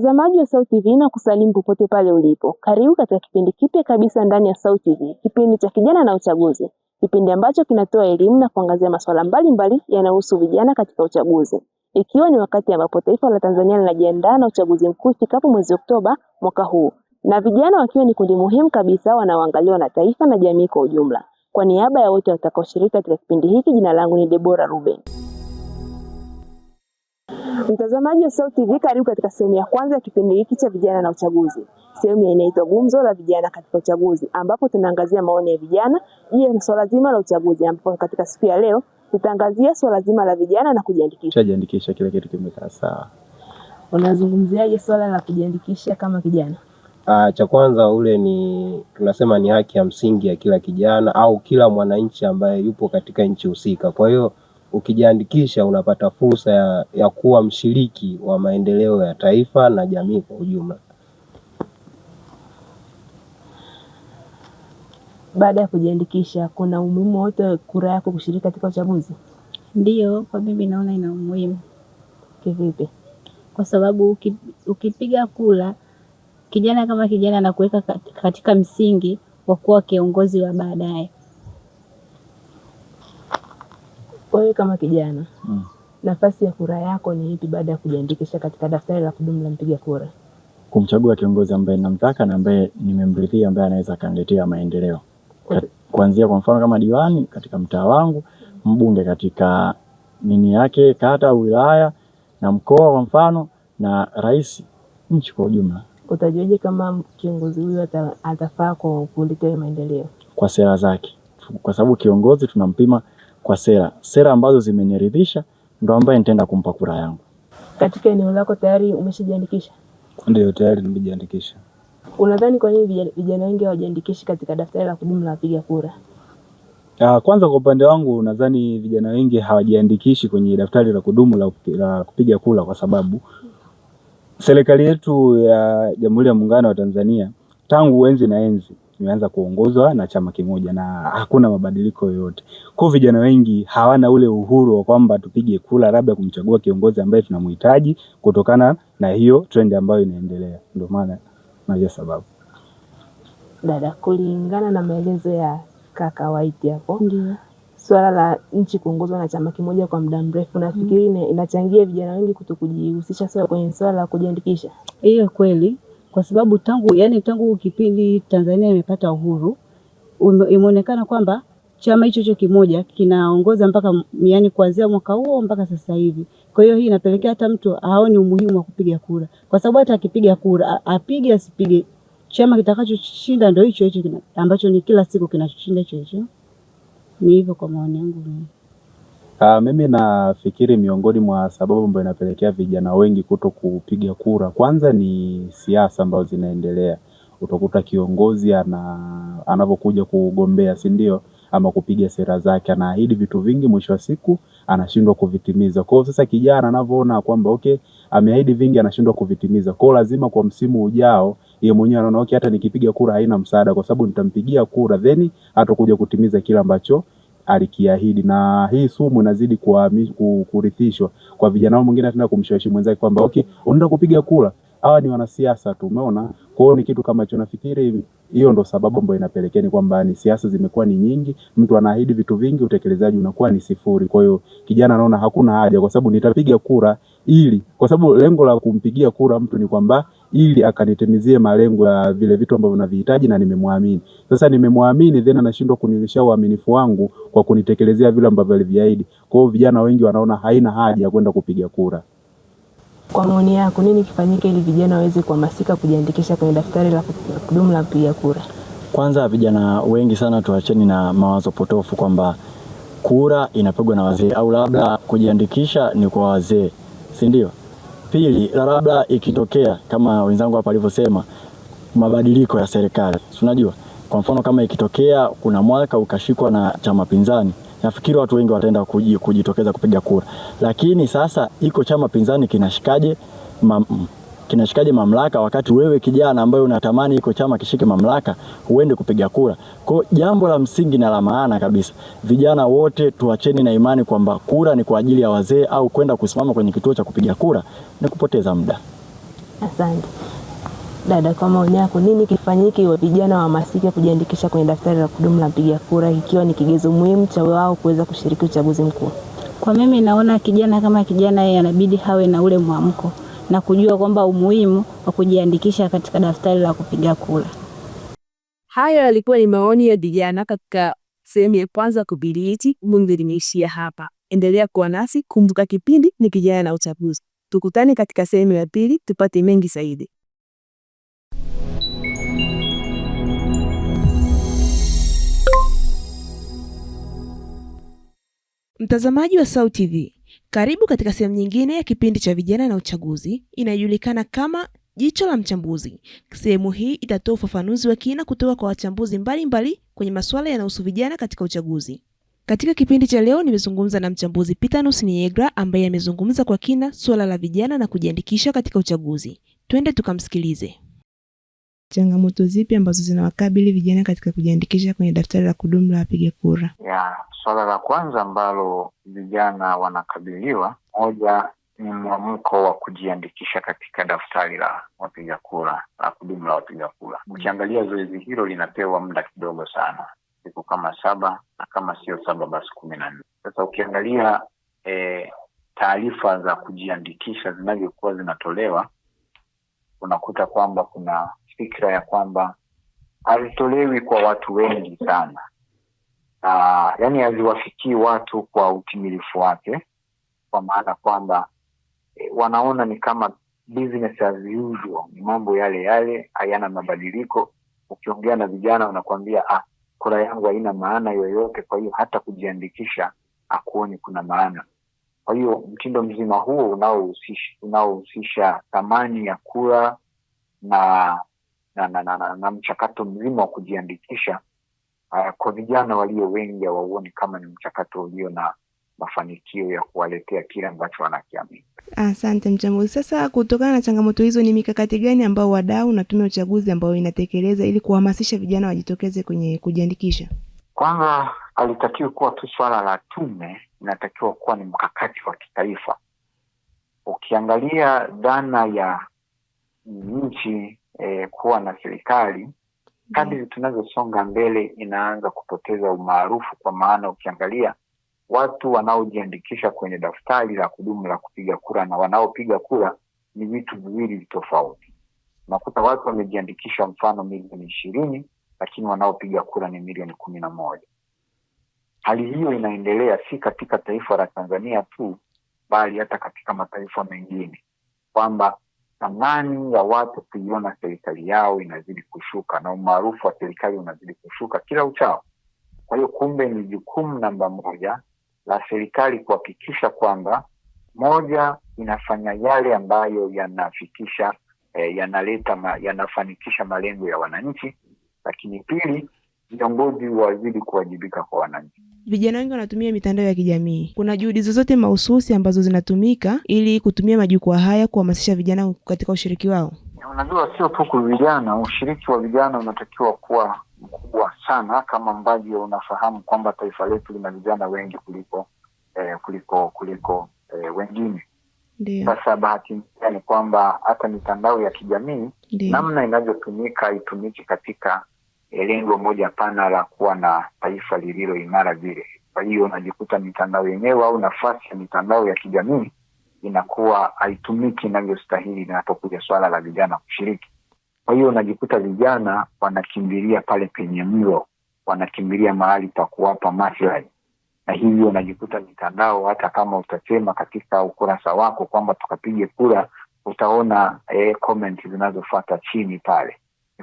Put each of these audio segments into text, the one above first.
Mtazamaji wa Sauti TV na kusalimu popote pale ulipo, karibu katika kipindi kipya kabisa ndani ya Sauti TV, kipindi cha Kijana na Uchaguzi, kipindi ambacho kinatoa elimu na kuangazia masuala mbalimbali yanayohusu vijana katika uchaguzi, ikiwa ni wakati ambapo taifa la Tanzania linajiandaa na uchaguzi mkuu ifikapo mwezi Oktoba mwaka huu, na vijana wakiwa ni kundi muhimu kabisa wanaoangaliwa na taifa na jamii kwa ujumla. Kwa niaba ya wote watakaoshiriki katika kipindi hiki, jina langu ni Debora Ruben. Mtazamaji wa Sauti TV, karibu katika sehemu ya kwanza ya kipindi hiki cha vijana na uchaguzi. Sehemu inaitwa gumzo la vijana katika uchaguzi, ambapo tunaangazia maoni ya vijana juu ya swala zima la uchaguzi, ambapo katika siku ya leo tutaangazia swala zima la vijana na kujiandikisha. Tujiandikisha, kila kitu kimekaa sawa. Unazungumziaje swala la kujiandikisha kama kijana? Ah, cha kwanza ule ni tunasema ni haki ya msingi ya kila kijana au kila mwananchi ambaye yupo katika nchi husika. Kwa hiyo Ukijiandikisha unapata fursa ya, ya kuwa mshiriki wa maendeleo ya taifa na jamii kwa ujumla. Baada ya kujiandikisha, kuna umuhimu wote kura yako kushiriki katika uchaguzi? Ndiyo, kwa mimi naona ina umuhimu. Kivipi? Kwa sababu uki, ukipiga kura kijana kama kijana anakuweka katika msingi wa kuwa kiongozi wa baadaye. wewe kama kijana mm. nafasi ya kura yako ni ipi baada ya kujiandikisha katika daftari la kudumu la mpiga kura? Kumchagua kiongozi ambaye namtaka na ambaye nimemridhia, ambaye anaweza akaniletea maendeleo Kat, kuanzia kwa mfano kama diwani katika mtaa wangu, mbunge katika nini yake kata au wilaya na mkoa kwa mfano, na rais nchi kwa ujumla. Utajuaje kama kiongozi huyu atafaa kwa kuleta maendeleo? Kwa sera zake, kwa sababu kiongozi tunampima kwa sera, sera ambazo zimeniridhisha ndo ambaye nitaenda kumpa kura yangu. Katika eneo lako tayari umeshajiandikisha? Ndio, tayari nimejiandikisha. Unadhani kwa nini vijana wengi hawajiandikishi katika daftari la kudumu la wapiga kura? Ah, kwanza kwa upande wangu nadhani vijana wengi hawajiandikishi kwenye daftari la kudumu la, la kupiga kura kwa sababu serikali yetu ya Jamhuri ya Muungano wa Tanzania tangu enzi na enzi kimeanza kuongozwa na chama kimoja na hakuna mabadiliko yoyote. Kwa vijana wengi hawana ule uhuru wa kwamba tupige kula labda kumchagua kiongozi ambaye tunamhitaji kutokana na hiyo trend ambayo inaendelea. Ndio maana na hiyo sababu. Dada, kulingana na maelezo ya kaka White hapo, swala la nchi kuongozwa na chama kimoja kwa muda mrefu nafikiri mm. inachangia vijana wengi kuto kujihusisha kwenye swala la kujiandikisha. Hiyo kweli kwa sababu tangu yani, tangu kipindi Tanzania imepata uhuru imeonekana kwamba chama hicho hicho kimoja kinaongoza mpaka yani, kuanzia mwaka huo mpaka sasa hivi. Kwa hiyo hii inapelekea hata mtu aone umuhimu wa kupiga kura, kwa sababu hata akipiga kura, apige asipige, chama kitakachoshinda ndio hicho hicho ambacho ni kila siku kinachoshinda hicho hicho. Ni hivyo kwa maoni yangu mimi. Ah, mimi nafikiri miongoni mwa sababu ambayo inapelekea vijana wengi kuto kupiga kura Kwanza ni siasa ambazo zinaendelea utakuta kiongozi anapokuja kugombea si ndio ama kupiga sera zake anaahidi vitu vingi mwisho wa siku anashindwa kuvitimiza kwa hiyo sasa kijana anavyoona kwamba okay ameahidi vingi anashindwa kuvitimiza kwa hiyo lazima kwa msimu ujao yeye mwenyewe anaona okay hata nikipiga kura haina msaada kwa sababu nitampigia kura then hatakuja kutimiza kile ambacho alikiahidi, na hii sumu inazidi kurithishwa kwa vijana wao. Mwingine ataenda kumshawishi mwenzake kwamba okay, unaenda kupiga kura, hawa ni wanasiasa tu, umeona. Kwa hiyo ni kitu kama hicho, nafikiri hiyo ndo sababu ambayo inapelekea ni kwamba ni siasa zimekuwa ni nyingi, mtu anaahidi vitu vingi, utekelezaji unakuwa ni sifuri. Kwa hiyo kijana anaona hakuna haja, kwa sababu nitapiga kura ili, kwa sababu lengo la kumpigia kura mtu ni kwamba ili akanitimizie malengo ya vile vitu ambavyo navihitaji na nimemwamini. Sasa nimemwamini then anashindwa kunilisha uaminifu wangu kwa kunitekelezea vile ambavyo aliviahidi. Kwa hiyo vijana wengi wanaona haina haja ya kwenda kupiga kura. Kwa maoni yako, nini kifanyike ili vijana waweze kuhamasika kujiandikisha kwenye daftari la kudumu la kupiga kura? Kwanza, vijana wengi sana tuacheni na mawazo potofu kwamba kura inapigwa na wazee au labda kujiandikisha ni kwa wazee, si ndio? Pili, labda ikitokea kama wenzangu hapa walivyosema mabadiliko ya serikali, unajua kwa mfano kama ikitokea kuna mwaka ukashikwa na chama pinzani, nafikiri watu wengi wataenda kujitokeza kupiga kura, lakini sasa iko chama pinzani kinashikaje? Mm kinashikaje mamlaka wakati wewe kijana ambaye unatamani iko chama kishike mamlaka uende kupiga kura? Kwa jambo la msingi na la maana kabisa, vijana wote tuacheni na imani kwamba kura ni kwa ajili ya wazee au kwenda kusimama kwenye kituo cha kupiga kura ni kupoteza muda. Asante dada kwa maoni yako, nini kifanyike iwe vijana wahamasike kujiandikisha kwenye daftari la kudumu la mpiga kura, ikiwa ni kigezo muhimu cha wao kuweza kushiriki uchaguzi mkuu? Kwa mimi naona kijana kama kijana, yeye anabidi hawe na ule mwamko na kujua kwamba umuhimu wa kujiandikisha katika daftari la kupiga kura. Hayo yalikuwa ni maoni ya vijana katika sehemu ya kwanza kubiliti mungu limeishia hapa. Endelea kuwa nasi, kumbuka kipindi ni Kijana na Uchaguzi. Tukutane katika sehemu ya pili tupate mengi zaidi. Mtazamaji wa sautv TV karibu katika sehemu nyingine ya kipindi cha vijana na uchaguzi inayojulikana kama Jicho la Mchambuzi. Sehemu hii itatoa ufafanuzi wa kina kutoka kwa wachambuzi mbalimbali kwenye masuala yanayohusu vijana katika uchaguzi. Katika kipindi cha leo nimezungumza na mchambuzi Pitanus Niegra ambaye amezungumza kwa kina suala la vijana na kujiandikisha katika uchaguzi. Twende tukamsikilize changamoto zipi ambazo zinawakabili vijana katika kujiandikisha kwenye daftari la kudumu la wapiga kura? Ya, swala la kwanza ambalo vijana wanakabiliwa, moja ni mwamko wa kujiandikisha katika daftari la wapiga kura la kudumu la wapiga kura. Mm. Ukiangalia zoezi hilo linapewa muda kidogo sana, siku kama saba na kama sio saba basi kumi na nne. Sasa ukiangalia e, taarifa za kujiandikisha zinavyokuwa zinatolewa unakuta kwamba kuna fikra ya kwamba hazitolewi kwa watu wengi sana, yani haziwafikii watu kwa utimilifu wake, kwa maana kwamba e, wanaona ni kama business as usual, ni mambo yale yale, hayana mabadiliko. Ukiongea na vijana wanakuambia ah, kura yangu haina maana yoyote, kwa hiyo hata kujiandikisha akuoni kuna maana. Kwa hiyo mtindo mzima huo unaohusisha thamani ya kura na na, na, na, na, na mchakato mzima wa kujiandikisha uh, kwa vijana walio wengi hawauoni kama ni mchakato ulio na mafanikio ya kuwaletea kile ambacho wanakiamini. Asante mchambuzi. Sasa, kutokana na changamoto hizo, ni mikakati gani ambao wadau na tume ya uchaguzi ambayo inatekeleza ili kuhamasisha vijana wajitokeze kwenye kujiandikisha? Kwanza halitakiwi kuwa tu swala la tume, inatakiwa kuwa ni mkakati wa kitaifa. Ukiangalia dhana ya nchi eh, kuwa na serikali mm-hmm. kadri tunavyosonga mbele inaanza kupoteza umaarufu, kwa maana ukiangalia watu wanaojiandikisha kwenye daftari la kudumu la kupiga kura na wanaopiga kura ni vitu viwili tofauti. Unakuta watu wamejiandikisha mfano milioni ishirini, lakini wanaopiga kura ni milioni kumi na moja. Hali hiyo inaendelea si katika taifa la Tanzania tu, bali hata katika mataifa mengine kwamba thamani ya watu kuiona serikali yao inazidi kushuka na umaarufu wa serikali unazidi kushuka kila uchao. Kwa hiyo kumbe ni jukumu namba moja la serikali kuhakikisha kwamba moja, inafanya yale ambayo yanafikisha eh, yanaleta ma, yanafanikisha malengo ya wananchi, lakini pili, viongozi wazidi kuwajibika kwa wananchi. Vijana wengi wanatumia mitandao ya kijamii. Kuna juhudi zozote mahususi ambazo zinatumika ili kutumia majukwaa haya kuhamasisha vijana katika ushiriki wao? Unajua, sio tu kwa vijana, ushiriki wa vijana unatakiwa kuwa mkubwa sana, kama ambavyo unafahamu kwamba taifa letu lina vijana wengi kuliko eh, kuliko kuliko eh, wengine. Sasa bahati mbaya ni kwamba hata mitandao ya kijamii namna inavyotumika, itumike katika lengo moja pana la kuwa na taifa lililo imara vile. Kwa hiyo unajikuta mitandao yenyewe au nafasi ya mitandao ya kijamii inakuwa haitumiki inavyostahili inapokuja swala la vijana kushiriki. Kwa hiyo unajikuta vijana wanakimbilia pale penye mlo, wanakimbilia mahali pa kuwapa maslahi, na hivyo unajikuta mitandao, hata kama utasema katika ukurasa wako kwamba tukapige kura, utaona eh, comment zinazofuata chini pale,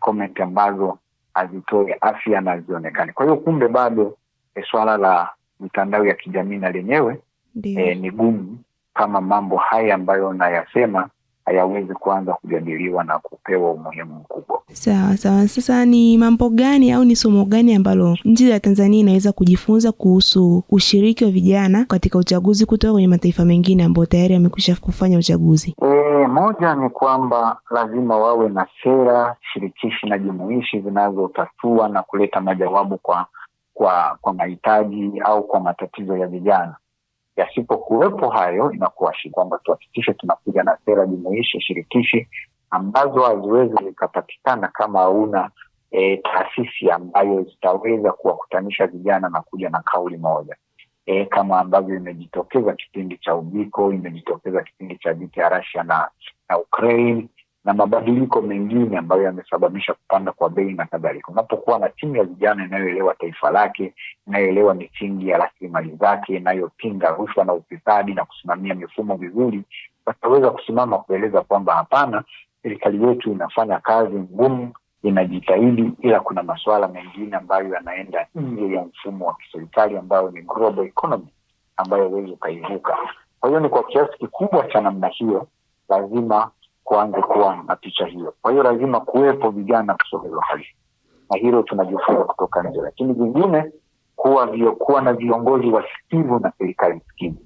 comment ambazo azitoe afya na zionekane. Kwa hiyo kumbe bado e, swala la mitandao ya kijamii na lenyewe e, ni gumu kama mambo haya ambayo nayasema hayawezi kuanza kujadiliwa na kupewa umuhimu mkubwa. Sawa sawa. Sasa ni mambo gani au ni somo gani ambalo nchi ya Tanzania inaweza kujifunza kuhusu ushiriki wa vijana katika uchaguzi kutoka kwenye mataifa mengine ambayo tayari yamekwisha kufanya uchaguzi? E, moja ni kwamba lazima wawe na sera shirikishi na jumuishi zinazotatua na kuleta majawabu kwa kwa kwa mahitaji au kwa matatizo ya vijana. Yasipokuwepo hayo, inakuwa shi kwamba tuhakikishe tunakuja na sera jumuishi shirikishi ambazo haziwezi zikapatikana kama hauna e, taasisi ambayo zitaweza kuwakutanisha vijana na kuja na kauli moja e, kama ambavyo imejitokeza kipindi cha uviko, imejitokeza kipindi cha vita ya rasia na, na Ukraine na mabadiliko mengine ambayo yamesababisha kupanda kwa bei na kadhalika. Unapokuwa na timu ya vijana inayoelewa taifa lake, inayoelewa misingi ya rasilimali zake, inayopinga rushwa na ufisadi na kusimamia mifumo vizuri, wataweza kusimama kueleza kwamba hapana, serikali yetu inafanya kazi ngumu inajitahidi, ila kuna masuala mengine ambayo yanaenda nje mm. ya mfumo wa kiserikali ambayo ni global economy ambayo huwezi ukaivuka. Kwa hiyo ni kwa kiasi kikubwa cha namna hiyo, lazima kuanze kuwa na picha hiyo. Kwa hiyo lazima kuwepo vijana kusoma hilo hali, na hilo tunajifunza kutoka nje. Lakini vingine kuwa viokuwa na viongozi wasikivu na serikali sikivu.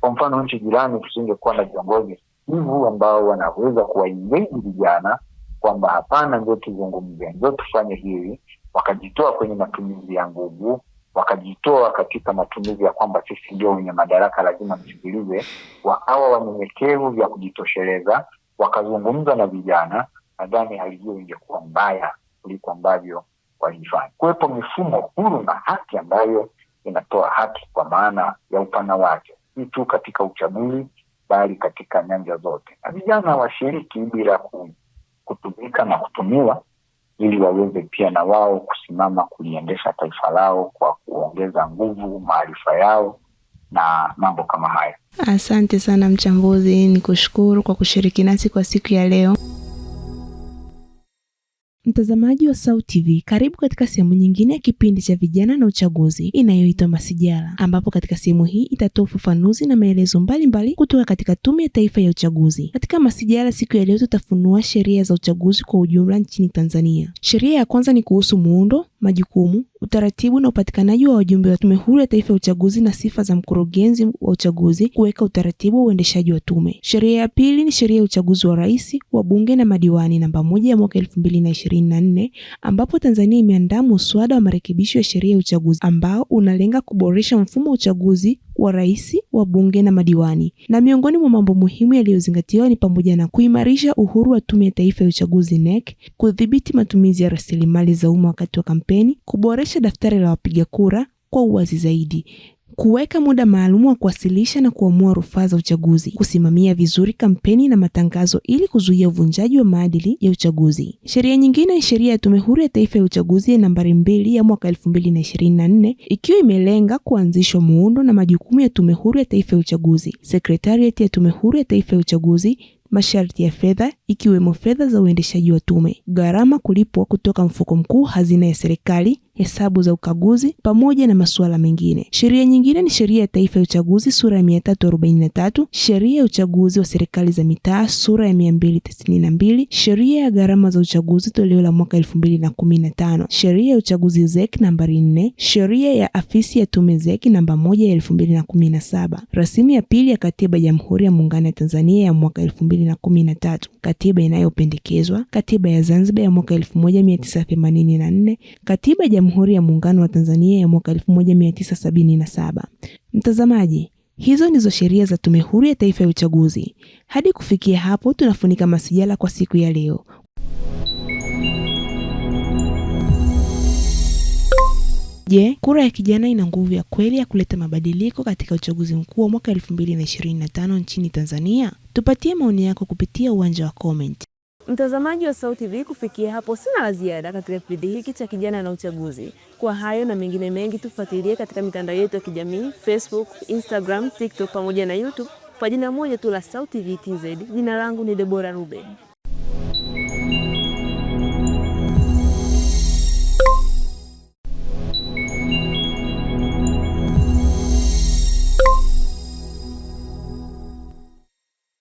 Kwa mfano, nchi jirani tusingekuwa na viongozi sikivu ambao wanaweza kuwaengage vijana kwamba hapana, ndio tuzungumze, ndio tufanye hivi, wakajitoa kwenye matumizi ya nguvu, wakajitoa katika matumizi ya kwamba sisi ndio wenye madaraka, lazima msikilize, wakawa wanyenyekevu vya kujitosheleza, wakazungumza na vijana. Nadhani hali hiyo ingekuwa mbaya kuliko ambavyo walifanya. Kuwepo mifumo huru na haki ambayo inatoa haki kwa maana ya upana wake, si tu katika uchaguzi, bali katika nyanja zote, na vijana washiriki bila ku kutumika na kutumiwa ili waweze pia na wao kusimama kuliendesha taifa lao kwa kuongeza nguvu, maarifa yao na mambo kama haya. Asante sana mchambuzi, ni kushukuru kwa kushiriki nasi kwa siku ya leo. Mtazamaji wa SAUT TV, karibu katika sehemu nyingine ya kipindi cha vijana na uchaguzi inayoitwa Masijala, ambapo katika sehemu hii itatoa ufafanuzi na maelezo mbalimbali kutoka katika Tume ya Taifa ya Uchaguzi. Katika Masijala siku ya leo, tutafunua sheria za uchaguzi kwa ujumla nchini Tanzania. Sheria ya kwanza ni kuhusu muundo, majukumu, utaratibu na upatikanaji wa wajumbe wa Tume Huru ya Taifa ya Uchaguzi na sifa za mkurugenzi wa uchaguzi, kuweka utaratibu wa uendeshaji wa tume. Sheria ya pili ni sheria ya uchaguzi wa rais, wa bunge na madiwani namba moja ya mwaka 2020 2024 ambapo Tanzania imeandaa muswada wa marekebisho ya sheria ya uchaguzi ambao unalenga kuboresha mfumo wa uchaguzi wa rais, wa bunge na madiwani. Na miongoni mwa mambo muhimu yaliyozingatiwa ni pamoja na kuimarisha uhuru wa Tume ya Taifa ya Uchaguzi NEC, kudhibiti matumizi ya rasilimali za umma wakati wa kampeni, kuboresha daftari la wapiga kura kwa uwazi zaidi kuweka muda maalum wa kuwasilisha na kuamua rufaa za uchaguzi, kusimamia vizuri kampeni na matangazo ili kuzuia uvunjaji wa maadili ya uchaguzi. Sheria nyingine ni sheria ya Tume Huru ya Taifa ya Uchaguzi ya nambari mbili ya mwaka elfu mbili na ishirini nne ikiwa imelenga kuanzishwa muundo na majukumu ya Tume Huru ya Taifa ya Uchaguzi, sekretariati ya Tume Huru ya Taifa ya Uchaguzi, masharti ya fedha ikiwemo fedha za uendeshaji wa tume, gharama kulipwa kutoka mfuko mkuu, hazina ya serikali, hesabu za ukaguzi pamoja na masuala mengine. Sheria nyingine ni Sheria ya Taifa ya Uchaguzi sura ya 343, Sheria ya Uchaguzi wa Serikali za Mitaa sura ya 292, Sheria ya Gharama za Uchaguzi toleo la mwaka 2015, Sheria ya Uchaguzi ZEC nambari 4, Sheria ya Afisi ya Tume ZEC namba 1 ya 2017, Rasimu ya Pili ya Katiba ya Jamhuri ya Muungano wa Tanzania ya mwaka na kumi na tatu, katiba inayopendekezwa, katiba ya Zanzibar ya mwaka 1984, katiba ya Jamhuri ya Muungano wa Tanzania ya mwaka 1977. Mtazamaji, hizo ndizo sheria za Tume Huru ya Taifa ya Uchaguzi. Hadi kufikia hapo, tunafunika masijala kwa siku ya leo. Je, kura ya kijana ina nguvu ya kweli ya kuleta mabadiliko katika uchaguzi mkuu wa mwaka 2025 nchini Tanzania? Tupatie maoni yako kupitia uwanja wa comment. Mtazamaji wa Sauti TV, kufikia hapo sina la ziada katika kipindi hiki cha kijana na uchaguzi. Kwa hayo na mengine mengi, tufuatilie katika mitandao yetu ya kijamii Facebook, Instagram, TikTok pamoja na YouTube kwa jina moja tu la Sauti TV TZ. Jina langu ni Debora Ruben.